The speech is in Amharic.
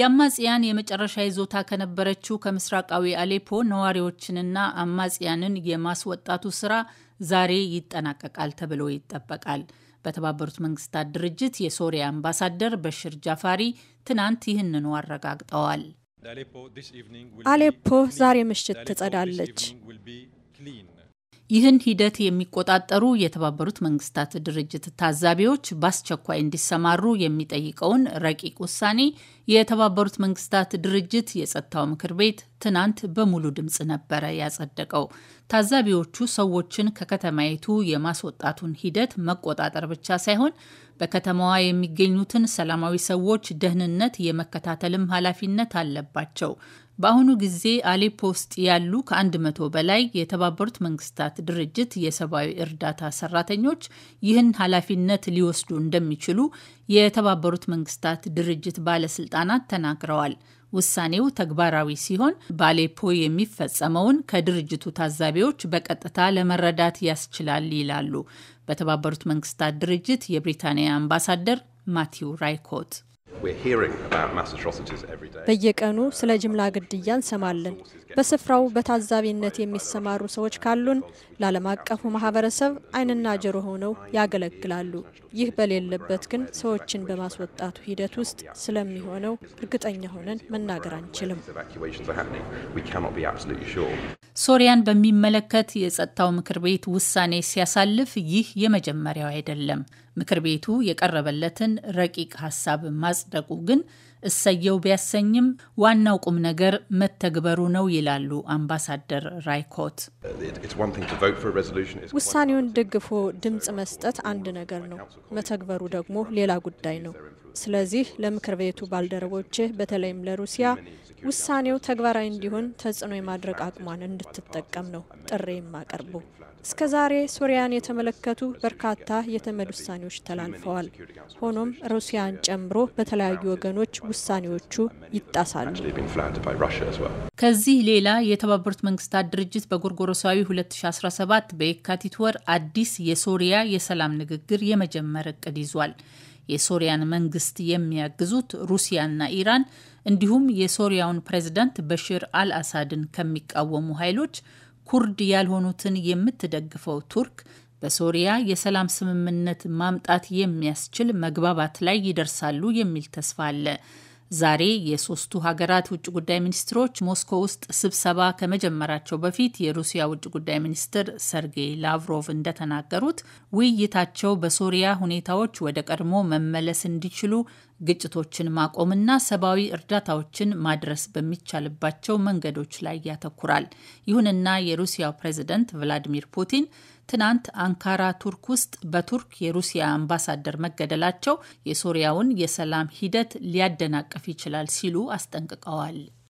የአማጽያን የመጨረሻ ይዞታ ከነበረችው ከምስራቃዊ አሌፖ ነዋሪዎችንና አማጽያንን የማስወጣቱ ስራ ዛሬ ይጠናቀቃል ተብሎ ይጠበቃል። በተባበሩት መንግስታት ድርጅት የሶሪያ አምባሳደር በሽር ጃፋሪ ትናንት ይህንኑ አረጋግጠዋል። አሌፖ ዛሬ ምሽት ትጸዳለች። ይህን ሂደት የሚቆጣጠሩ የተባበሩት መንግስታት ድርጅት ታዛቢዎች በአስቸኳይ እንዲሰማሩ የሚጠይቀውን ረቂቅ ውሳኔ የተባበሩት መንግስታት ድርጅት የጸጥታው ምክር ቤት ትናንት በሙሉ ድምፅ ነበረ ያጸደቀው። ታዛቢዎቹ ሰዎችን ከከተማይቱ የማስወጣቱን ሂደት መቆጣጠር ብቻ ሳይሆን በከተማዋ የሚገኙትን ሰላማዊ ሰዎች ደህንነት የመከታተልም ኃላፊነት አለባቸው። በአሁኑ ጊዜ አሌፖ ውስጥ ያሉ ከአንድ መቶ በላይ የተባበሩት መንግስታት ድርጅት የሰብአዊ እርዳታ ሰራተኞች ይህን ኃላፊነት ሊወስዱ እንደሚችሉ የተባበሩት መንግስታት ድርጅት ባለስልጣናት ተናግረዋል። ውሳኔው ተግባራዊ ሲሆን በአሌፖ የሚፈጸመውን ከድርጅቱ ታዛቢዎች በቀጥታ ለመረዳት ያስችላል ይላሉ በተባበሩት መንግስታት ድርጅት የብሪታንያ አምባሳደር ማቲው ራይኮት። በየቀኑ ስለ ጅምላ ግድያ እንሰማለን። በስፍራው በታዛቢነት የሚሰማሩ ሰዎች ካሉን ለዓለም አቀፉ ማህበረሰብ ዓይንና ጆሮ ሆነው ያገለግላሉ። ይህ በሌለበት ግን ሰዎችን በማስወጣቱ ሂደት ውስጥ ስለሚሆነው እርግጠኛ ሆነን መናገር አንችልም። ሶሪያን በሚመለከት የጸጥታው ምክር ቤት ውሳኔ ሲያሳልፍ ይህ የመጀመሪያው አይደለም። ምክር ቤቱ የቀረበለትን ረቂቅ ሀሳብ ማጽደቁ ግን እሰየው ቢያሰኝም ዋናው ቁም ነገር መተግበሩ ነው ይላሉ አምባሳደር ራይኮት። ውሳኔውን ደግፎ ድምፅ መስጠት አንድ ነገር ነው፣ መተግበሩ ደግሞ ሌላ ጉዳይ ነው። ስለዚህ ለምክር ቤቱ ባልደረቦች በተለይም ለሩሲያ ውሳኔው ተግባራዊ እንዲሆን ተጽዕኖ የማድረግ አቅሟን እንድትጠቀም ነው ጥሪ የማቀርቡ። እስከ ዛሬ ሶሪያን የተመለከቱ በርካታ የተመድ ውሳኔዎች ተላልፈዋል። ሆኖም ሩሲያን ጨምሮ በተለያዩ ወገኖች ውሳኔዎቹ ይጣሳሉ። ከዚህ ሌላ የተባበሩት መንግስታት ድርጅት በጎርጎሮሳዊ 2017 በየካቲት ወር አዲስ የሶሪያ የሰላም ንግግር የመጀመር እቅድ ይዟል። የሶሪያን መንግስት የሚያግዙት ሩሲያና ኢራን እንዲሁም የሶሪያውን ፕሬዝዳንት በሽር አልአሳድን ከሚቃወሙ ኃይሎች ኩርድ ያልሆኑትን የምትደግፈው ቱርክ በሶሪያ የሰላም ስምምነት ማምጣት የሚያስችል መግባባት ላይ ይደርሳሉ የሚል ተስፋ አለ። ዛሬ የሶስቱ ሀገራት ውጭ ጉዳይ ሚኒስትሮች ሞስኮ ውስጥ ስብሰባ ከመጀመራቸው በፊት የሩሲያ ውጭ ጉዳይ ሚኒስትር ሰርጌይ ላቭሮቭ እንደተናገሩት ውይይታቸው በሶሪያ ሁኔታዎች ወደ ቀድሞ መመለስ እንዲችሉ ግጭቶችን ማቆምና ሰብአዊ እርዳታዎችን ማድረስ በሚቻልባቸው መንገዶች ላይ ያተኩራል። ይሁንና የሩሲያው ፕሬዝደንት ቭላዲሚር ፑቲን ትናንት አንካራ ቱርክ ውስጥ በቱርክ የሩሲያ አምባሳደር መገደላቸው የሶሪያውን የሰላም ሂደት ሊያደናቅፍ ይችላል ሲሉ አስጠንቅቀዋል።